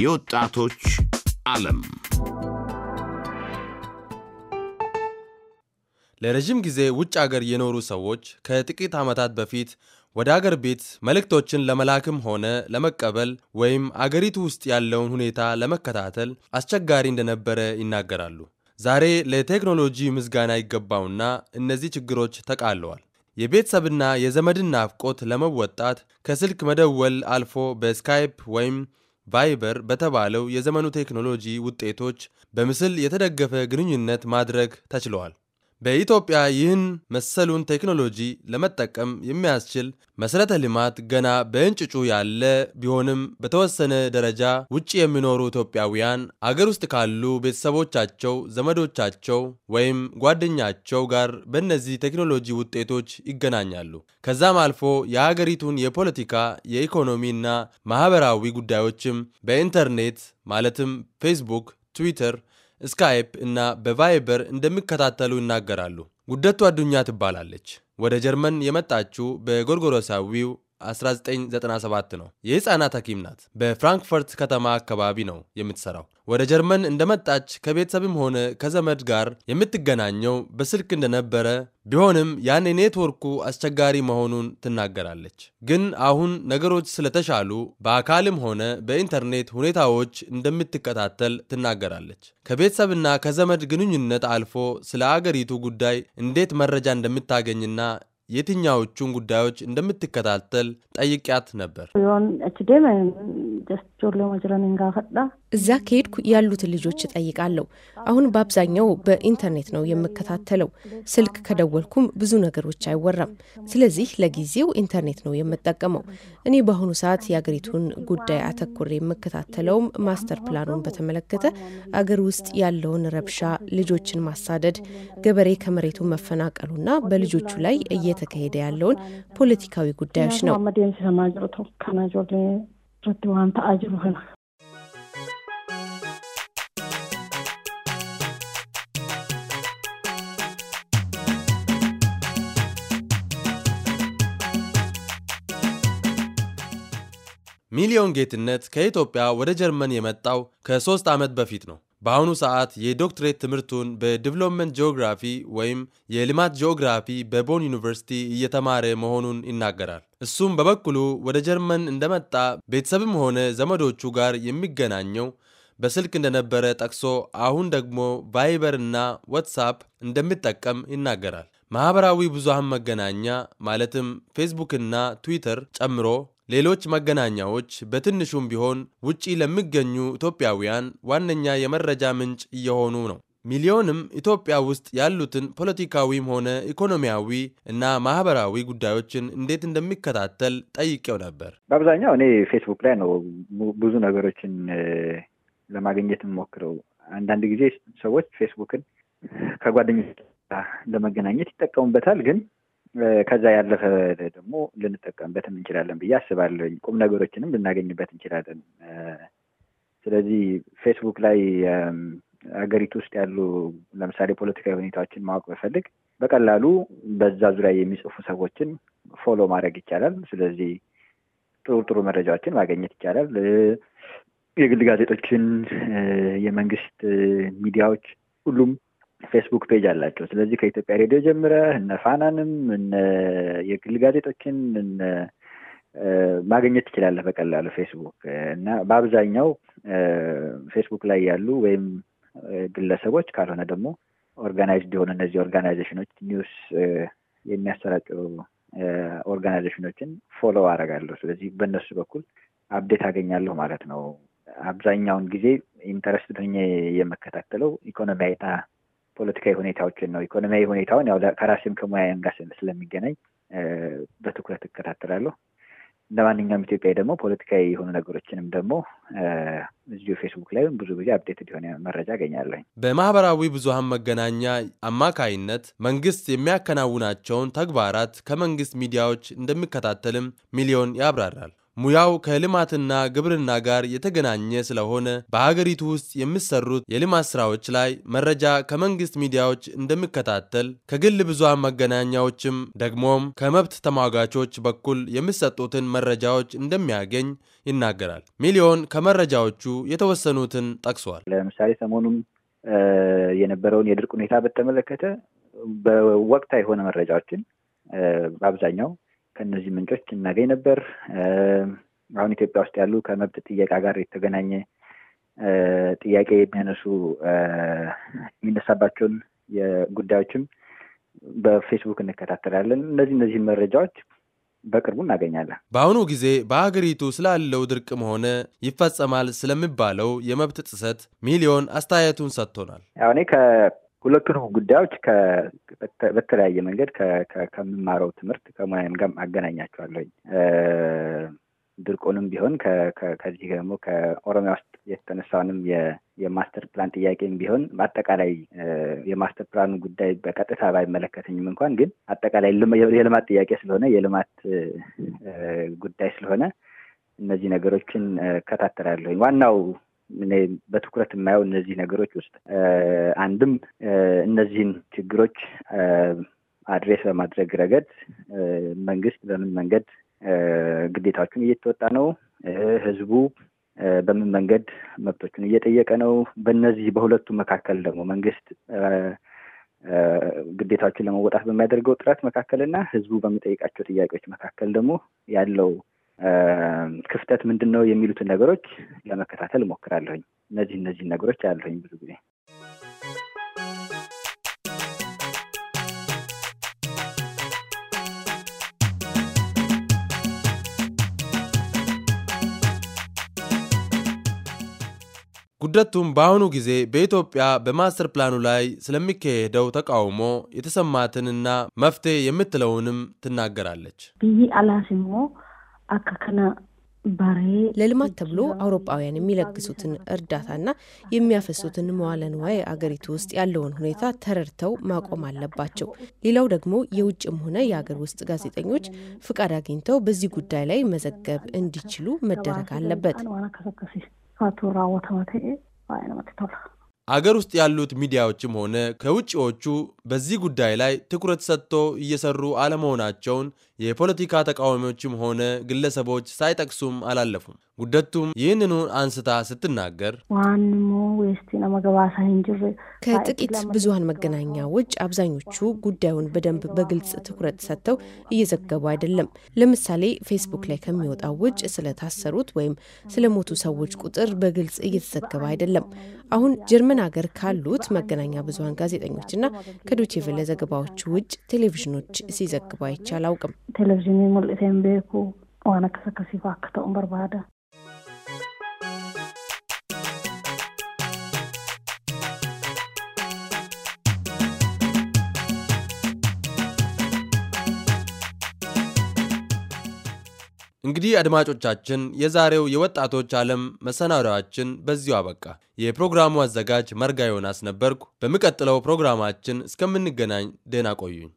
የወጣቶች ዓለም ለረዥም ጊዜ ውጭ አገር የኖሩ ሰዎች ከጥቂት ዓመታት በፊት ወደ አገር ቤት መልእክቶችን ለመላክም ሆነ ለመቀበል ወይም አገሪቱ ውስጥ ያለውን ሁኔታ ለመከታተል አስቸጋሪ እንደነበረ ይናገራሉ። ዛሬ ለቴክኖሎጂ ምዝጋና ይገባውና እነዚህ ችግሮች ተቃለዋል። የቤተሰብና የዘመድን ናፍቆት ለመወጣት ከስልክ መደወል አልፎ በስካይፕ ወይም ቫይበር በተባለው የዘመኑ ቴክኖሎጂ ውጤቶች በምስል የተደገፈ ግንኙነት ማድረግ ተችለዋል። በኢትዮጵያ ይህን መሰሉን ቴክኖሎጂ ለመጠቀም የሚያስችል መሰረተ ልማት ገና በእንጭጩ ያለ ቢሆንም በተወሰነ ደረጃ ውጭ የሚኖሩ ኢትዮጵያውያን አገር ውስጥ ካሉ ቤተሰቦቻቸው፣ ዘመዶቻቸው ወይም ጓደኛቸው ጋር በእነዚህ ቴክኖሎጂ ውጤቶች ይገናኛሉ። ከዛም አልፎ የሀገሪቱን የፖለቲካ የኢኮኖሚና ማህበራዊ ጉዳዮችም በኢንተርኔት ማለትም ፌስቡክ፣ ትዊተር ስካይፕ እና በቫይበር እንደሚከታተሉ ይናገራሉ። ጉደቱ አዱኛ ትባላለች። ወደ ጀርመን የመጣችው በጎርጎሮሳዊው 1997 ነው። የህፃናት ሐኪም ናት። በፍራንክፈርት ከተማ አካባቢ ነው የምትሰራው። ወደ ጀርመን እንደመጣች ከቤተሰብም ሆነ ከዘመድ ጋር የምትገናኘው በስልክ እንደነበረ ቢሆንም ያን ኔትወርኩ አስቸጋሪ መሆኑን ትናገራለች። ግን አሁን ነገሮች ስለተሻሉ በአካልም ሆነ በኢንተርኔት ሁኔታዎች እንደምትከታተል ትናገራለች። ከቤተሰብና ከዘመድ ግንኙነት አልፎ ስለ አገሪቱ ጉዳይ እንዴት መረጃ እንደምታገኝና የትኛዎቹን ጉዳዮች እንደምትከታተል ጠይቂያት ነበር። እዛ ከሄድኩ ያሉትን ልጆች እጠይቃለሁ። አሁን በአብዛኛው በኢንተርኔት ነው የምከታተለው። ስልክ ከደወልኩም ብዙ ነገሮች አይወራም። ስለዚህ ለጊዜው ኢንተርኔት ነው የምጠቀመው። እኔ በአሁኑ ሰዓት የአገሪቱን ጉዳይ አተኩሬ የምከታተለውም ማስተር ፕላኑን በተመለከተ አገር ውስጥ ያለውን ረብሻ፣ ልጆችን ማሳደድ፣ ገበሬ ከመሬቱ መፈናቀሉና በልጆቹ ላይ እየተካሄደ ያለውን ፖለቲካዊ ጉዳዮች ነው። ሚሊዮን ጌትነት ከኢትዮጵያ ወደ ጀርመን የመጣው ከሶስት ዓመት በፊት ነው። በአሁኑ ሰዓት የዶክትሬት ትምህርቱን በዲቨሎፕመንት ጂኦግራፊ ወይም የልማት ጂኦግራፊ በቦን ዩኒቨርሲቲ እየተማረ መሆኑን ይናገራል። እሱም በበኩሉ ወደ ጀርመን እንደመጣ ቤተሰብም ሆነ ዘመዶቹ ጋር የሚገናኘው በስልክ እንደነበረ ጠቅሶ አሁን ደግሞ ቫይበር እና ዋትሳፕ እንደሚጠቀም ይናገራል። ማህበራዊ ብዙሃን መገናኛ ማለትም ፌስቡክና ትዊተር ጨምሮ ሌሎች መገናኛዎች በትንሹም ቢሆን ውጪ ለሚገኙ ኢትዮጵያውያን ዋነኛ የመረጃ ምንጭ እየሆኑ ነው። ሚሊዮንም ኢትዮጵያ ውስጥ ያሉትን ፖለቲካዊም ሆነ ኢኮኖሚያዊ እና ማህበራዊ ጉዳዮችን እንዴት እንደሚከታተል ጠይቄው ነበር። በአብዛኛው እኔ ፌስቡክ ላይ ነው ብዙ ነገሮችን ለማግኘት የምሞክረው። አንዳንድ ጊዜ ሰዎች ፌስቡክን ከጓደኞች ለመገናኘት ይጠቀሙበታል ግን ከዛ ያለፈ ደግሞ ልንጠቀምበትም እንችላለን ብዬ አስባለኝ። ቁም ነገሮችንም ልናገኝበት እንችላለን። ስለዚህ ፌስቡክ ላይ አገሪቱ ውስጥ ያሉ ለምሳሌ ፖለቲካዊ ሁኔታዎችን ማወቅ ብፈልግ በቀላሉ በዛ ዙሪያ የሚጽፉ ሰዎችን ፎሎ ማድረግ ይቻላል። ስለዚህ ጥሩ ጥሩ መረጃዎችን ማገኘት ይቻላል። የግል ጋዜጦችን፣ የመንግስት ሚዲያዎች ሁሉም ፌስቡክ ፔጅ አላቸው። ስለዚህ ከኢትዮጵያ ሬዲዮ ጀምረህ እነ ፋናንም እነ የግል ጋዜጦችን እነ ማግኘት ትችላለህ በቀላሉ ፌስቡክ እና በአብዛኛው ፌስቡክ ላይ ያሉ ወይም ግለሰቦች ካልሆነ ደግሞ ኦርጋናይዝድ የሆኑ እነዚህ ኦርጋናይዜሽኖች ኒውስ የሚያሰራጩ ኦርጋናይዜሽኖችን ፎሎ አደርጋለሁ። ስለዚህ በእነሱ በኩል አብዴት አገኛለሁ ማለት ነው። አብዛኛውን ጊዜ ኢንተረስት ሆኜ የምከታተለው ኢኮኖሚያዊ ፖለቲካዊ ሁኔታዎችን ነው። ኢኮኖሚያዊ ሁኔታውን ያው ከራሴም ከሙያዬም ጋር ስለሚገናኝ በትኩረት እከታተላለሁ። እንደ ማንኛውም ኢትዮጵያ ደግሞ ፖለቲካዊ የሆኑ ነገሮችንም ደግሞ እዚሁ ፌስቡክ ላይ ብዙ ጊዜ አብዴት የሆነ መረጃ አገኛለሁኝ። በማህበራዊ ብዙሀን መገናኛ አማካይነት መንግስት የሚያከናውናቸውን ተግባራት ከመንግስት ሚዲያዎች እንደሚከታተልም ሚሊዮን ያብራራል። ሙያው ከልማትና ግብርና ጋር የተገናኘ ስለሆነ በሀገሪቱ ውስጥ የሚሰሩት የልማት ስራዎች ላይ መረጃ ከመንግስት ሚዲያዎች እንደሚከታተል ከግል ብዙሃን መገናኛዎችም ደግሞም ከመብት ተሟጋቾች በኩል የሚሰጡትን መረጃዎች እንደሚያገኝ ይናገራል። ሚሊዮን ከመረጃዎቹ የተወሰኑትን ጠቅሷል። ለምሳሌ ሰሞኑን የነበረውን የድርቅ ሁኔታ በተመለከተ በወቅታዊ የሆነ መረጃዎችን በአብዛኛው ከእነዚህ ምንጮች እናገኝ ነበር። አሁን ኢትዮጵያ ውስጥ ያሉ ከመብት ጥየቃ ጋር የተገናኘ ጥያቄ የሚያነሱ የሚነሳባቸውን ጉዳዮችም በፌስቡክ እንከታተላለን። እነዚህ እነዚህን መረጃዎች በቅርቡ እናገኛለን። በአሁኑ ጊዜ በሀገሪቱ ስላለው ድርቅም ሆነ ይፈጸማል ስለሚባለው የመብት ጥሰት ሚሊዮን አስተያየቱን ሰጥቶናል። ያው እኔ ሁለቱንም ጉዳዮች በተለያየ መንገድ ከምማረው ትምህርት ከሙያም ጋር አገናኛቸዋለኝ። ድርቁንም ቢሆን ከዚህ ደግሞ ከኦሮሚያ ውስጥ የተነሳውንም የማስተር ፕላን ጥያቄም ቢሆን በአጠቃላይ የማስተር ፕላኑ ጉዳይ በቀጥታ ባይመለከተኝም እንኳን ግን አጠቃላይ የልማት ጥያቄ ስለሆነ የልማት ጉዳይ ስለሆነ እነዚህ ነገሮችን እከታተላለሁኝ። ዋናው በትኩረት የማየው እነዚህ ነገሮች ውስጥ አንድም እነዚህን ችግሮች አድሬስ በማድረግ ረገድ መንግስት በምን መንገድ ግዴታዎቹን እየተወጣ ነው? ህዝቡ በምን መንገድ መብቶቹን እየጠየቀ ነው? በእነዚህ በሁለቱ መካከል ደግሞ መንግስት ግዴታዎችን ለመወጣት በሚያደርገው ጥረት መካከልና ህዝቡ በሚጠይቃቸው ጥያቄዎች መካከል ደግሞ ያለው ክፍተት ምንድን ነው የሚሉትን ነገሮች ለመከታተል እሞክራለሁኝ። እነዚህ እነዚህ ነገሮች አያለሁኝ ብዙ ጊዜ። ጉደቱም በአሁኑ ጊዜ በኢትዮጵያ በማስተር ፕላኑ ላይ ስለሚካሄደው ተቃውሞ የተሰማትንና መፍትሄ የምትለውንም ትናገራለች። ብይ አላስሞ ለልማት ተብሎ አውሮፓውያን የሚለግሱትን እርዳታና የሚያፈሱትን መዋለ ንዋይ አገሪቱ ውስጥ ያለውን ሁኔታ ተረድተው ማቆም አለባቸው። ሌላው ደግሞ የውጭም ሆነ የአገር ውስጥ ጋዜጠኞች ፍቃድ አግኝተው በዚህ ጉዳይ ላይ መዘገብ እንዲችሉ መደረግ አለበት። አገር ውስጥ ያሉት ሚዲያዎችም ሆነ ከውጭዎቹ በዚህ ጉዳይ ላይ ትኩረት ሰጥቶ እየሰሩ አለመሆናቸውን የፖለቲካ ተቃዋሚዎችም ሆነ ግለሰቦች ሳይጠቅሱም አላለፉም። ጉደቱም ይህንኑ አንስታ ስትናገር ከጥቂት ብዙሀን መገናኛ ውጭ አብዛኞቹ ጉዳዩን በደንብ በግልጽ ትኩረት ሰጥተው እየዘገቡ አይደለም። ለምሳሌ ፌስቡክ ላይ ከሚወጣው ውጭ ስለታሰሩት ወይም ስለሞቱ ሰዎች ቁጥር በግልጽ እየተዘገበ አይደለም። አሁን ጀርመን ሀገር ካሉት መገናኛ ብዙሀን ጋዜጠኞችና ከዶቼ ቬለ ዘገባዎች ውጭ ቴሌቪዥኖች ሲዘግቡ አይቼ አላውቅም። televezyiinii mul'iseen hin beeku waan akkas akkasii fa'aa akka ta'u barbaada. እንግዲህ አድማጮቻችን የዛሬው የወጣቶች ዓለም መሰናዳችን በዚሁ አበቃ። የፕሮግራሙ አዘጋጅ መርጋ ዮናስ ነበርኩ። በሚቀጥለው ፕሮግራማችን እስከምንገናኝ ደህና ቆዩኝ።